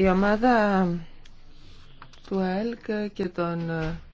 Η ομάδα του ΑΕΛΚ και των